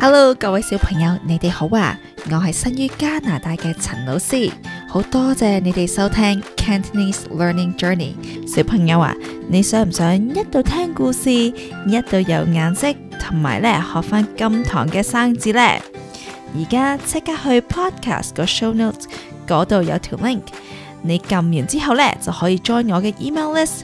Hello，各位小朋友，你哋好啊！我係生於加拿大嘅陳老師，好多謝你哋收聽 Cantonese Learning Journey。小朋友啊，你想唔想一度聽故事，一度有顏色，同埋咧學翻今堂嘅生字呢？而家即刻去 Podcast 個 Show Notes 嗰度有條 link，你撳完之後咧就可以 join 我嘅 email list。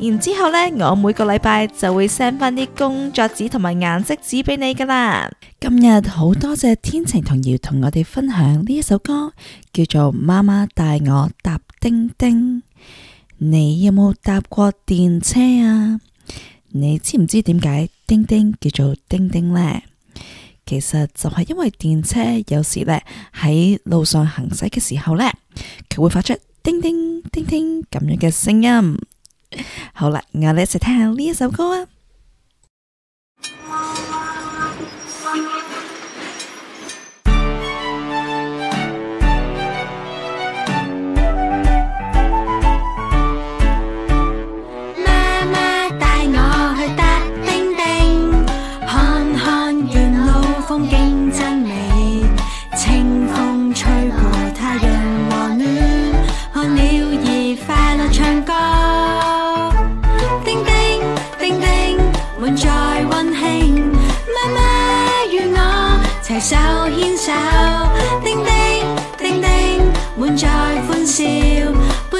然之後咧，我每個禮拜就會 send 翻啲工作紙同埋顏色紙俾你噶啦。今日好多謝天晴同瑤同我哋分享呢一首歌，叫做《媽媽帶我搭叮叮》。你有冇搭過電車啊？你知唔知點解叮叮叫做「叮叮」呢？其實就係因為電車有時呢，喺路上行駛嘅時候呢，佢會發出叮叮叮叮咁樣嘅聲音。好啦，我哋一齊聽下呢一首歌啊。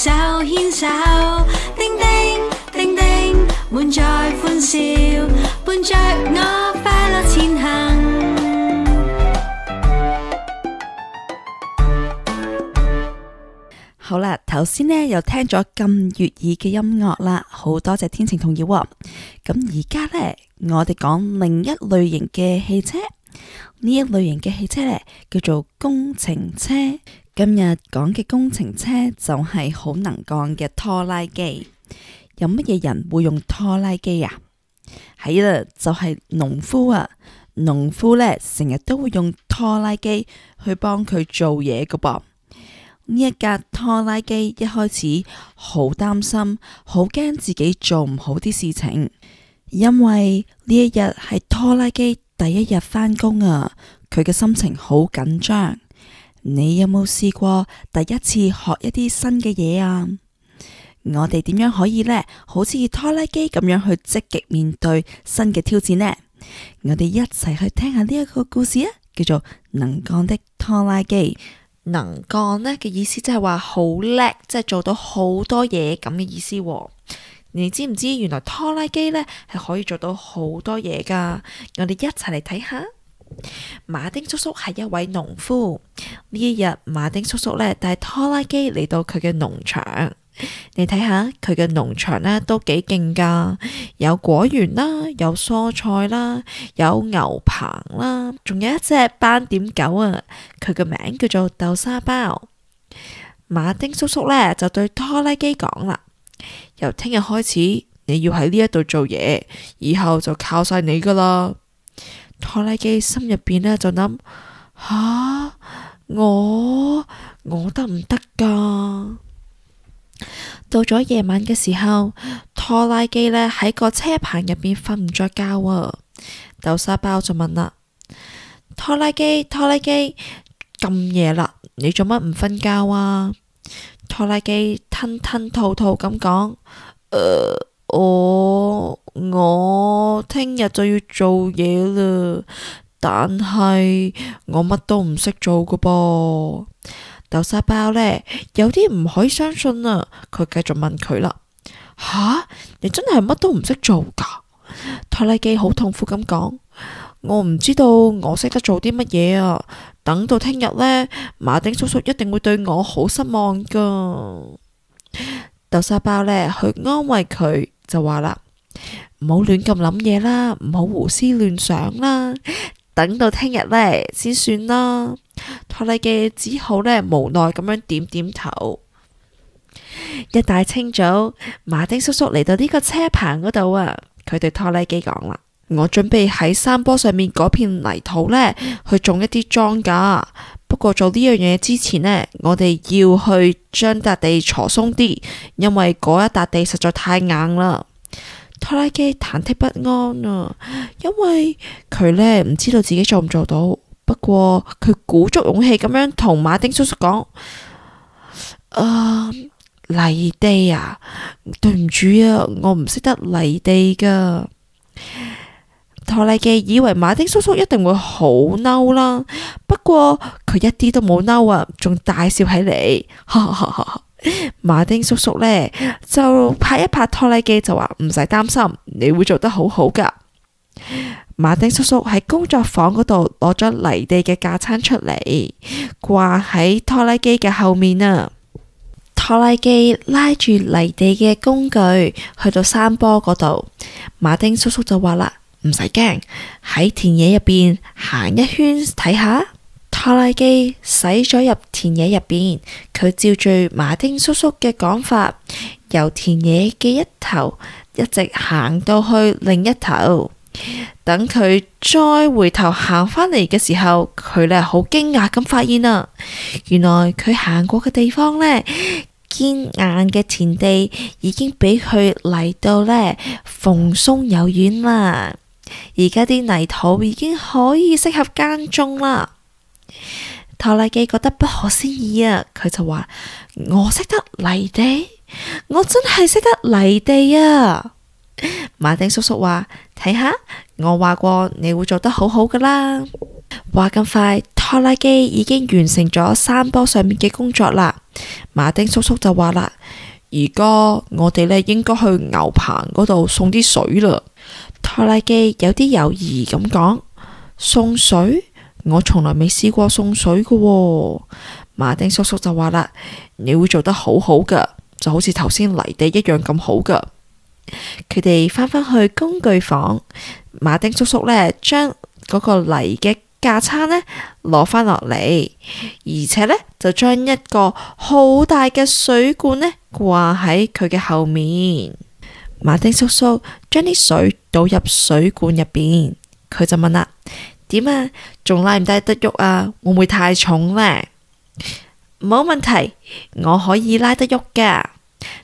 手牽手，叮叮叮叮，滿載歡笑，伴着我快樂前行。好啦，頭先呢又聽咗咁悅耳嘅音樂啦，好多謝天晴同耀哦。咁而家呢，我哋講另一類型嘅汽車。呢一類型嘅汽車呢，叫做工程車。今日講嘅工程車就係好能幹嘅拖拉機，有乜嘢人會用拖拉機啊？係啦，就係農夫啊！農夫呢，成日都會用拖拉機去幫佢做嘢噶噃。呢一架拖拉機一開始好擔心，好驚自己做唔好啲事情，因為呢一日係拖拉機第一日返工啊，佢嘅心情好緊張。你有冇試過第一次學一啲新嘅嘢啊？我哋點樣可以呢？好似拖拉機咁樣去積極面對新嘅挑戰呢？我哋一齊去聽下呢一個故事啊，叫做《能幹的拖拉機》。能幹呢嘅意思即係話好叻，即係做到好多嘢咁嘅意思。你知唔知原來拖拉機呢係可以做到好多嘢噶？我哋一齊嚟睇下。馬丁叔叔係一位農夫。呢一日，馬丁叔叔呢帶拖拉機嚟到佢嘅農場。你睇下佢嘅農場呢都幾勁噶，有果園啦，有蔬菜啦，有牛棚啦，仲有一隻斑點狗啊。佢嘅名叫做豆沙包。馬丁叔叔呢，就對拖拉機講啦，由聽日開始，你要喺呢一度做嘢，以後就靠晒你噶啦。拖拉機心入邊呢，就諗吓我我得唔得噶？到咗夜晚嘅時候，拖拉機呢喺個車棚入邊瞓唔着覺啊！豆沙包就問啦：拖拉機，拖拉機，咁夜啦，你做乜唔瞓覺啊？拖拉機吞吞吞吐吐咁講：誒、呃。哦、我我聽日就要做嘢啦，但係我乜都唔識做噶噃。豆沙包呢，有啲唔可以相信啊！佢繼續問佢啦：吓、啊，你真係乜都唔識做噶？拖拉機好痛苦咁講：我唔知道我識得做啲乜嘢啊！等到聽日呢，馬丁叔叔一定會對我好失望噶。豆沙包呢，去安慰佢。就話啦，唔好亂咁諗嘢啦，唔好胡思亂想啦，等到聽日呢，先算啦。拖拉機只好呢，無奈咁樣點點頭。一大清早，馬丁叔叔嚟到呢個車棚嗰度啊，佢對拖拉機講啦：我準備喺山坡上面嗰片泥土呢，去種一啲莊稼。不過做呢樣嘢之前呢，我哋要去將笪地鋤鬆啲，因為嗰一笪地實在太硬啦。拖拉機忐忑不安啊，因為佢呢唔知道自己做唔做到。不過佢鼓足勇氣咁樣同馬丁叔叔講：啊犁、 uh, 地啊，對唔住啊，我唔識得犁地噶。拖拉機以為馬丁叔叔一定會好嬲啦，不過佢一啲都冇嬲啊，仲大笑起嚟。 馬丁叔叔呢，就拍一拍拖拉機，就話唔使擔心，你會做得好好噶。馬丁叔叔喺工作房嗰度攞咗泥地嘅架撐出嚟，掛喺拖拉機嘅後面啊。拖拉機拉住泥地嘅工具去到山坡嗰度，馬丁叔叔就話啦。唔使驚，喺田野入邊行一圈睇下。拖拉機駛咗入田野入邊，佢照住馬丁叔叔嘅講法，由田野嘅一頭一直行到去另一頭。等佢再回頭行返嚟嘅時候，佢呢好驚訝咁發現啊，原來佢行過嘅地方呢，堅硬嘅田地已經俾佢嚟到呢，蓬鬆柔軟啦。而家啲泥土已經可以適合耕種啦。拖拉機覺得不可思議啊，佢就話：我識得犁地，我真係識得犁地啊！馬丁叔叔話：睇下，我話過你會做得好好噶啦。話咁 快，拖拉機已經完成咗山坡上面嘅工作啦。馬丁叔叔就話啦：而家我哋呢應該去牛棚嗰度送啲水啦。拖拉機有啲猶疑咁講，送水？我從來未試過送水噶喎。馬丁叔叔就話啦，你會做得好好噶，就好似頭先泥地一樣咁好噶。佢哋返返去工具房，馬丁叔叔呢將嗰個泥嘅架撐呢攞返落嚟，而且呢就將一個好大嘅水罐呢掛喺佢嘅後面。馬丁叔叔將啲水倒入水罐入邊，佢就問啦：點啊？仲拉唔拉得喐啊？會唔會太重呢？冇問題，我可以拉得喐噶。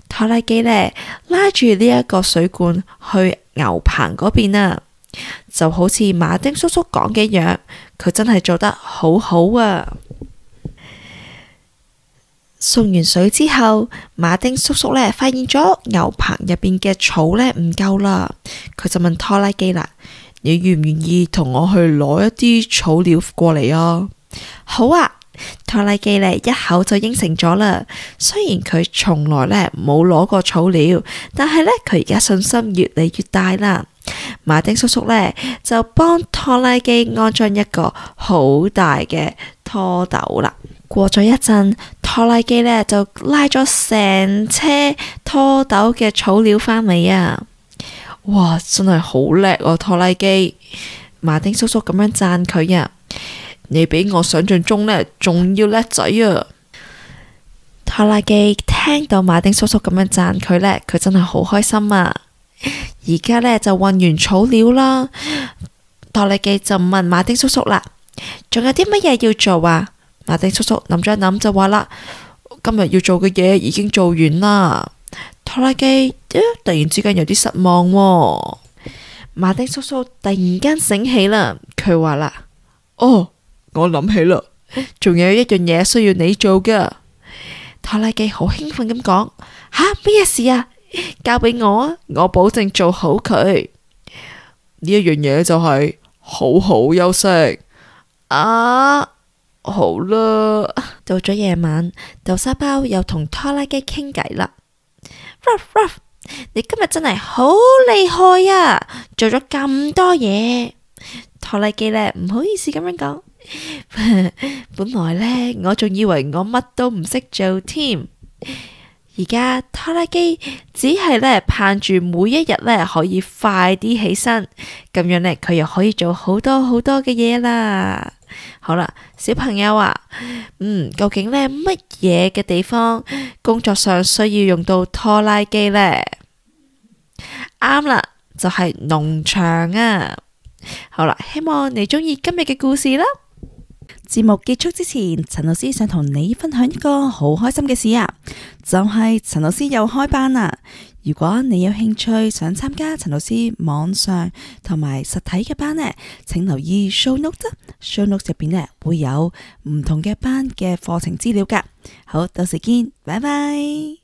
拖拉機呢，拉住呢一個水罐去牛棚嗰邊啊，就好似馬丁叔叔講嘅樣，佢真係做得好好啊！送完水之後，馬丁叔叔呢，發現咗牛棚入邊嘅草呢唔夠啦，佢就問拖拉機啦：你願唔願意同我去攞一啲草料過嚟啊？好啊，拖拉機呢一口就應承咗啦。雖然佢從來呢冇攞過草料，但係呢，佢而家信心越嚟越大啦。馬丁叔叔呢，就幫拖拉機安裝一個好大嘅拖斗啦。過咗一陣，拖拉機呢，就拉咗成車拖斗嘅草料返嚟啊！哇，真係好叻哦，拖拉機！馬丁叔叔咁樣讚佢啊，你比我想象中呢，仲要叻仔啊！拖拉機聽到馬丁叔叔咁樣讚佢呢，佢真係好開心啊！而家呢，就混完草料啦，拖拉機就問馬丁叔叔啦，仲有啲乜嘢要做啊？馬丁叔叔諗咗一諗就話啦，今日要做嘅嘢已經做完啦。拖拉機突然之間有啲失望啊，馬丁叔叔突然間醒起啦，佢話啦：哦，我諗起啦，仲有一樣嘢需要你做噶。拖拉機好興奮咁講吓，咩事啊？交俾我啊！我保證做好佢。呢一樣嘢就係好好休息啊！好啦了，到咗夜晚，豆沙包又同拖拉機傾偈啦。Ruff Ruff！你今日真係好厲害啊！做咗咁多嘢，拖拉機呢，唔好意思咁樣講， 本來呢，我仲以為我乜都唔識做添。而家拖拉機只係呢，盼住每一日呢可以快啲起身，咁樣呢，佢又可以做好多好多嘅嘢啦。好啦，小朋友啊，嗯，究竟呢乜嘢嘅地方工作上需要用到拖拉機呢？啱啦，就係農場啊。好啦，希望你鍾意今日嘅故事啦。節目結束之前，陳老師想同你分享一個好開心嘅事啊！就係陳老師又開班啦！如果你有興趣想參加陳老師網上同埋實體嘅班呢，請留意 show notes。show notes 入邊呢會有唔同嘅班嘅課程資料噶。好，到時見，拜拜。